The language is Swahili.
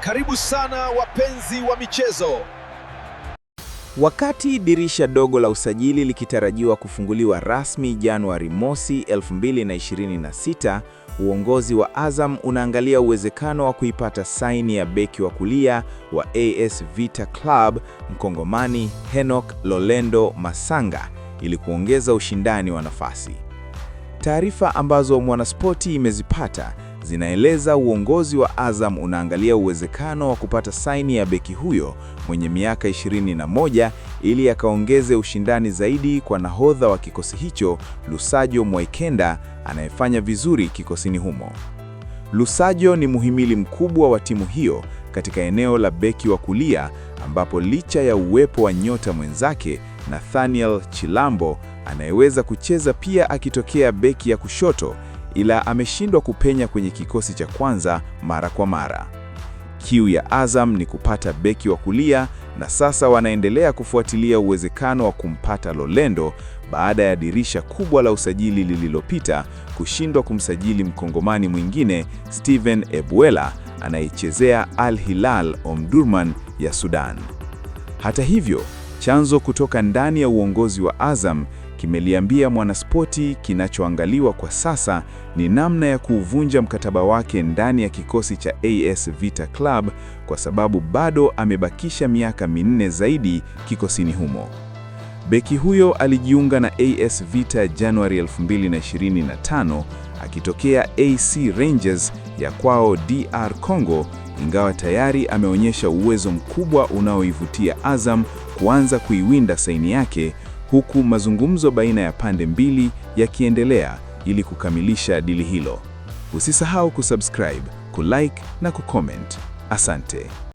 Karibu sana wapenzi wa michezo. Wakati dirisha dogo la usajili likitarajiwa kufunguliwa rasmi Januari mosi 2026, uongozi wa Azam unaangalia uwezekano wa kuipata saini ya beki wa kulia wa AS Vita Club Mkongomani Henok Lolendo Masanga ili kuongeza ushindani wa nafasi. Taarifa ambazo Mwanaspoti imezipata zinaeleza uongozi wa Azam unaangalia uwezekano wa kupata saini ya beki huyo mwenye miaka 21 ili akaongeze ushindani zaidi kwa nahodha wa kikosi hicho Lusajo Mwaikenda anayefanya vizuri kikosini humo. Lusajo ni muhimili mkubwa wa timu hiyo katika eneo la beki wa kulia ambapo licha ya uwepo wa nyota mwenzake Nathaniel Chilambo anayeweza kucheza pia akitokea beki ya kushoto ila ameshindwa kupenya kwenye kikosi cha kwanza mara kwa mara. Kiu ya Azam ni kupata beki wa kulia na sasa wanaendelea kufuatilia uwezekano wa kumpata Lolendo baada ya dirisha kubwa la usajili lililopita kushindwa kumsajili mkongomani mwingine Steven Ebuela anayechezea Al Hilal Omdurman ya Sudan. Hata hivyo, chanzo kutoka ndani ya uongozi wa Azam kimeliambia Mwanaspoti kinachoangaliwa kwa sasa ni namna ya kuuvunja mkataba wake ndani ya kikosi cha AS Vita Club kwa sababu bado amebakisha miaka minne zaidi kikosini humo. Beki huyo alijiunga na AS Vita Januari 2025 akitokea AC Rangers ya kwao DR Congo, ingawa tayari ameonyesha uwezo mkubwa unaoivutia Azam kuanza kuiwinda saini yake huku mazungumzo baina ya pande mbili yakiendelea ili kukamilisha dili hilo. Usisahau kusubscribe, kulike na kucomment. Asante.